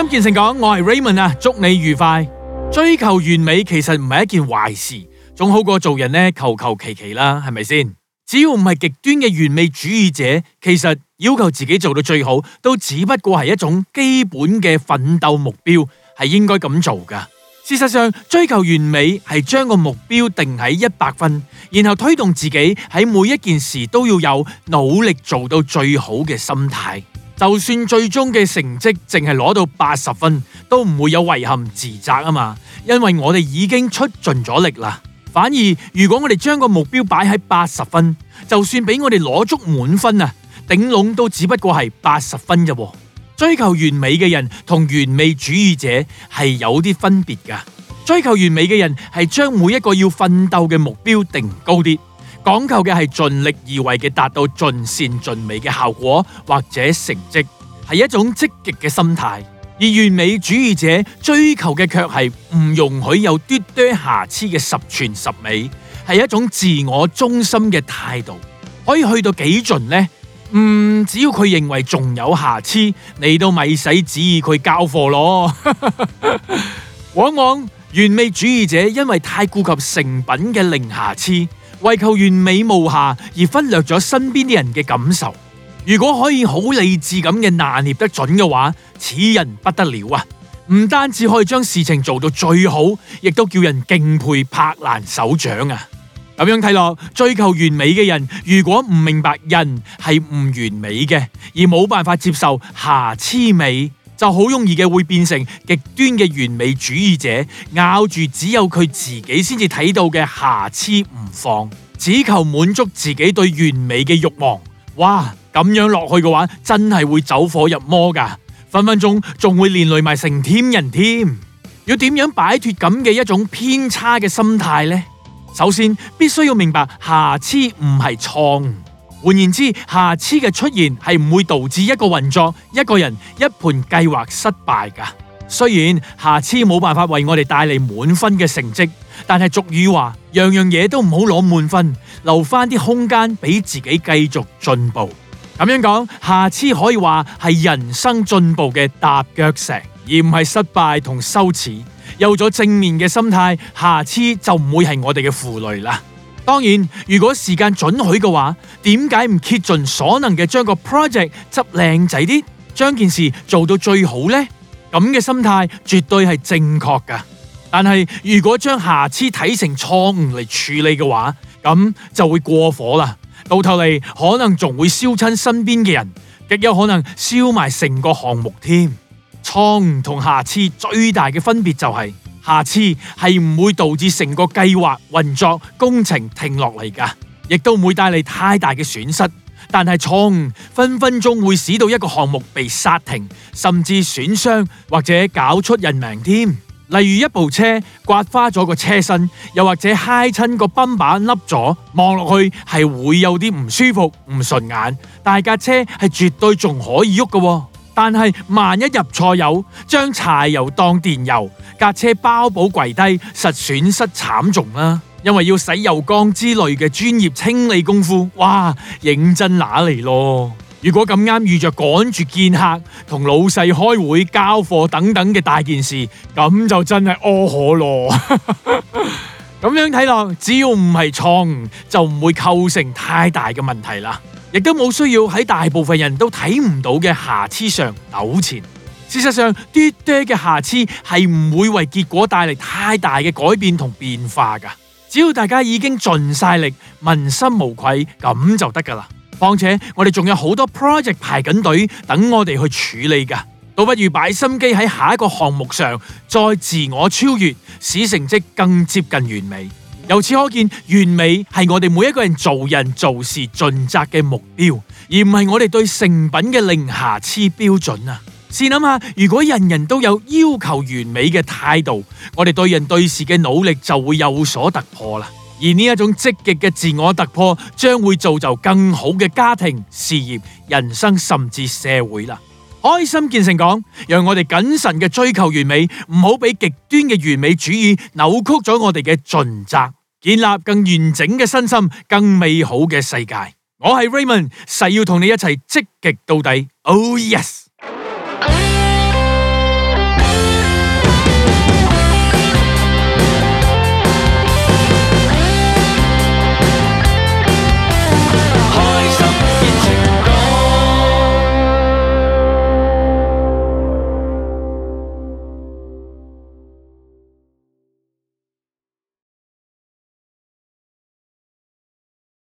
金建成講：我係 Raymond 啊，祝你愉快。追求完美其實唔係一件壞事，總好過做人呢，求求其其啦，係咪先？只要唔係極端嘅完美主義者，其實要求自己做到最好，都只不過係一種基本嘅奮鬥目標，係應該咁做噶。事實上，追求完美係將個目標定喺一百分，然後推動自己喺每一件事都要有努力做到最好嘅心態。就算最終嘅成績淨係攞到八十分，都唔會有遺憾自責啊嘛，因為我哋已經出盡咗力啦。反而如果我哋將個目標擺喺八十分，就算俾我哋攞足滿分啊，頂籠都只不過係八十分啫。追求完美嘅人同完美主義者係有啲分別噶。追求完美嘅人係將每一個要奮鬥嘅目標定高啲。講求嘅係盡力而為嘅達到盡善盡美嘅效果或者成績，係一種積極嘅心態；而完美主義者追求嘅卻係唔容許有啲啲瑕疵嘅十全十美，係一種自我中心嘅態度。可以去到幾盡呢？嗯，只要佢認為仲有瑕疵，你都咪使指意佢交貨咯。 往往完美主義者因為太顧及成品嘅零瑕疵。為求完美無瑕而忽略咗身邊啲人嘅感受，如果可以好理智咁嘅拿捏得準嘅話，此人不得了啊！唔單止可以將事情做到最好，亦都叫人敬佩拍爛手掌啊！咁樣睇落，追求完美嘅人如果唔明白人係唔完美嘅，而冇辦法接受瑕疵美。就好容易嘅會變成極端嘅完美主義者，咬住只有佢自己先至睇到嘅瑕疵唔放，只求滿足自己對完美嘅欲望。哇，咁樣落去嘅話，真係會走火入魔噶，分分鐘仲會連累埋成千人添。要點樣擺脫咁嘅一種偏差嘅心態呢？首先必須要明白瑕疵唔係錯。換言之，瑕疵嘅出現係唔會導致一個運作、一個人、一盤計劃失敗噶。雖然瑕疵冇辦法為我哋帶嚟滿分嘅成績，但係俗語話，樣樣嘢都唔好攞滿分，留翻啲空間俾自己繼續進步。咁樣講，瑕疵可以話係人生進步嘅踏腳石，而唔係失敗同羞恥。有咗正面嘅心態，瑕疵就唔會係我哋嘅負累啦。當然，如果時間準許嘅話，點解唔竭盡所能嘅將個 project 執靚仔啲，將件事做到最好呢？咁嘅心態絕對係正確噶。但係如果將瑕疵睇成錯誤嚟處理嘅話，咁就會過火啦。到頭嚟可能仲會燒親身邊嘅人，極有可能燒埋成個項目添。錯誤同瑕疵最大嘅分別就係……下次係唔會導致成個計劃運作工程停落嚟噶，亦都唔會帶嚟太大嘅損失。但係錯誤分分鐘會使到一個項目被剎停，甚至損傷或者搞出人命添。例如一部車刮花咗個車身，又或者嗨親個賓板凹咗，望落去係會有啲唔舒服、唔順眼，但係架車係絕對仲可以喐噶。但係萬一入錯油，將柴油當電油，架車包保跪低，實損失慘重啦。因為要洗油缸之類嘅專業清理功夫，哇，認真乸嚟咯！如果咁啱遇着趕住見客、同老細開會、交貨等等嘅大件事，咁就真係阿可咯。咁 樣睇落，只要唔係錯誤，就唔會構成太大嘅問題啦。亦都冇需要喺大部分人都睇唔到嘅瑕疵上糾纏。事實上，啲啲嘅瑕疵係唔會為結果帶嚟太大嘅改變同變化噶。只要大家已經盡晒力、問心無愧，咁就得噶啦。況且我哋仲有好多 project 排緊隊等我哋去處理噶，倒不如擺心機喺下一個項目上，再自我超越，使成績更接近完美。由此可見，完美係我哋每一個人做人做事盡責嘅目標，而唔係我哋對成品嘅零瑕疵標準啊！試諗下，如果人人都有要求完美嘅態度，我哋對人對事嘅努力就會有所突破啦。而呢一種積極嘅自我突破，將會造就更好嘅家庭、事業、人生，甚至社會啦。開心見誠講，讓我哋謹慎嘅追求完美，唔好俾極端嘅完美主義扭曲咗我哋嘅盡責。建立更完整嘅身心，更美好嘅世界。我係 Raymond，誓要同你一齊積極到底。Oh yes！